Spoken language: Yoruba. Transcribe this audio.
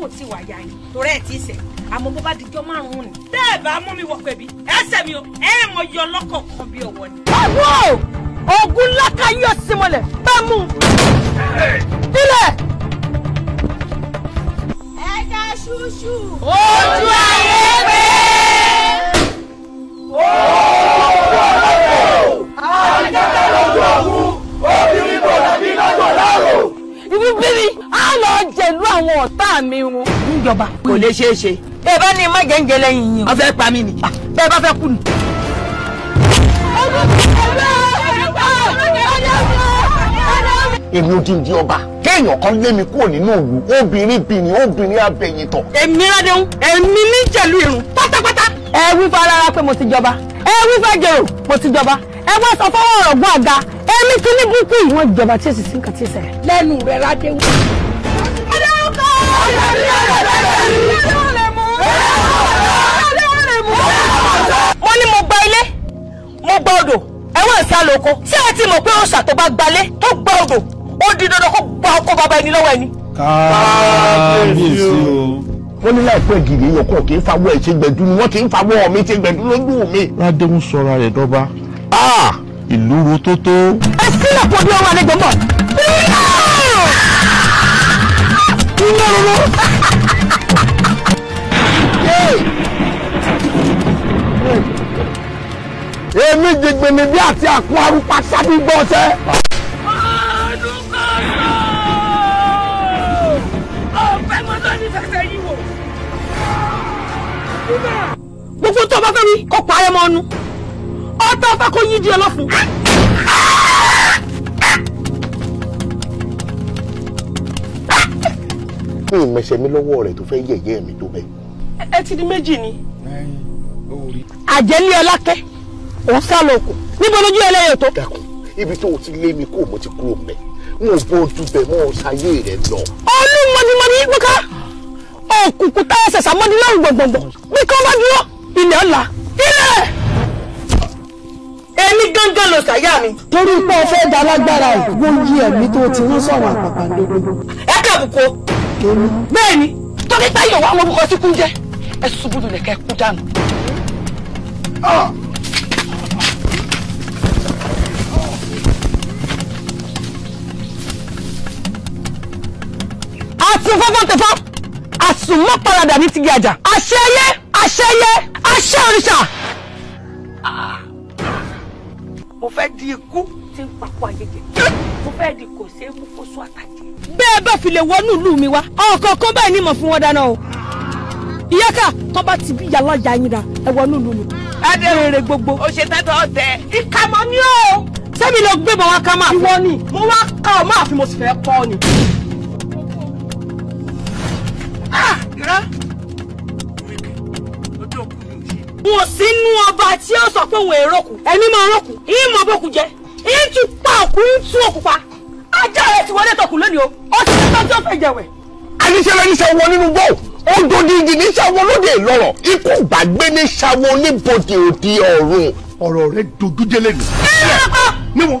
àdánwò tí wà yá yín torí ẹ̀ tí ì sẹ̀ bó bá dijọ́ márùn-ún ni. bẹ́ẹ̀ bá mú mi wọ pẹ̀bí ẹsẹ̀ mi o ẹ mọ yọ lọ́kọ̀ kan bí ọwọ́ ni. báwo oògùn lákà yóò sí bá mú un. dílẹ̀. ẹja ṣúṣú. ojú ẹ. àwọn ọ̀tá mi run níjọba. kò lè ṣeé ṣe. bẹ́ẹ̀ bá ní má jẹ́ǹjẹ́ lẹ́yìn yìí o. wọ́n fẹ́ pa mí ni. bẹ́ẹ̀ bá fẹ́ kú ni. èmi ò dídí ọba kéèyàn kan lé mi kúrò nínú òwú obìnrin bìnrin obìnrin abẹ̀yìntàn. èmi ládéhùn èmi níjẹ̀lú irun pátápátá. ẹ wí fún alára pé mo ti jọba ẹ wí fún jèrò mo ti jọba ẹ wá sọ fọwọ́ ọ̀rọ̀ gbọ́ àga èmi ti ní búkú ìwọ̀n ìjọba tí èsì sí nǹkan tí ì ṣẹlẹ̀. lẹ́nu rẹ̀ ládéhùn mo ní mo gba ilé mo gba odò ẹ̀wọ̀n ìsá lóko ṣé ẹ ti mọ̀ pé òòṣà tó bá gbalé tó gba odò ó di dandan kó gba ọkọ bàbá ẹni lọ́wọ́ ẹni. káàbíyèsí o wọ́n ní láìpẹ́ gidi yọkọ̀ kì í fawọ́ ẹ̀ ṣe gbẹ̀dú ni wọ́n ti ń fawọ́ mi ṣe gbẹ̀dú lójú mi. ládéhùn sọra rẹ̀ dọ́ba ìlú ro tó tó. ẹ sílẹ̀ pọ̀ bí ọwọ́ àlejò mọ̀ lóró. èmi jìgbìnì bí àti àkó arúpa sábì gbọ́ ọ̀sẹ̀. gbogbo tó o bá fẹ́ mi kó pa ẹ mọ́ ọ́nú ọ̀tá ọ̀fà kó yí di ọlọ́fun. mi ìmẹsẹ̀ mi lọ́wọ́ rẹ̀ tó fẹ́ yẹ̀yẹ́ mi tó bẹ́ẹ̀. ẹ ti di méjì ni. àjẹlé ọlákẹ́ òun sá lọ kù níbo lójú ẹlẹ́yẹ tó. dákun ibi tó o ti lé mi kó o mo ti kúrò mẹ́ mo bójú bẹ̀ mọ́ ṣayé rẹ̀ lọ. olú mọ̀nìmọ̀nì gbọ́ká òkùnkùn tá a ṣẹ̀ṣà mọ́ni lọ́rùn gbọ̀ngbọ̀ngbọ̀ bí kò bá dúró ilẹ̀ ọ̀la ilẹ̀ gángan ló ṣàyà mi. torí pé o fẹ́ dalágbára yìí wọ́n yí ẹ̀mí tó ti rán sọ̀rọ̀ àpàpàǹdodo. ẹ kàbùkọ. bẹ́ẹ̀ ni torí táyọ̀ wà wọn orúkọ síkú jẹ́ ẹ ṣubú lulẹ̀ kẹ́ kú dànù. Ah! àti fọ́fọ́ tẹ̀fọ́ àsùnmọ́ paradà ní tigi àjà àṣẹ ayé àṣẹ àṣẹ òrìṣà mo fẹ́ di ikú tí ń papọ̀ ayẹyẹ mo fẹ́ di kò ṣeé mú kó sún àtàjẹ. bẹ́ẹ̀ bá fi lè wọnú ìlú mi wá ọkọ̀ kan báyìí ni mo fún wọn dáná o ìyáka tó bá ti bí yàrá ya yín ra ẹ wọnú ìlú mi. adé rere gbogbo. o ṣe tẹ́tọ̀ ọ̀tẹ̀ ìkàmọ́ ni o. sẹ́mi ló gbébọn wá ká máa. ìwọ ni mo wá ká ọ máa fi mo sì fẹ́ kọ́ ọ ni. mo sì nú ọba tí ó sọ pé òun èrò kù ẹ̀mí máa rọ́kù ìyín mọ bókù jẹ ìyín tún pa òkú ń tún òkú pa ajá rẹ ti wọlé tọkùn lónìí o ó ti ní tọ́jú ọ̀fẹ́ jẹ̀wẹ̀. àníṣẹ́lẹ̀ ní ṣàwọ nínú bọ́ọ̀ ó dodi igi ní ṣàwọ lóde ìlọrọ̀ ikú gbàgbé ní ṣàwọ oníbodè òdi ọ̀run. ọ̀rọ̀ rẹ dojú délé nù.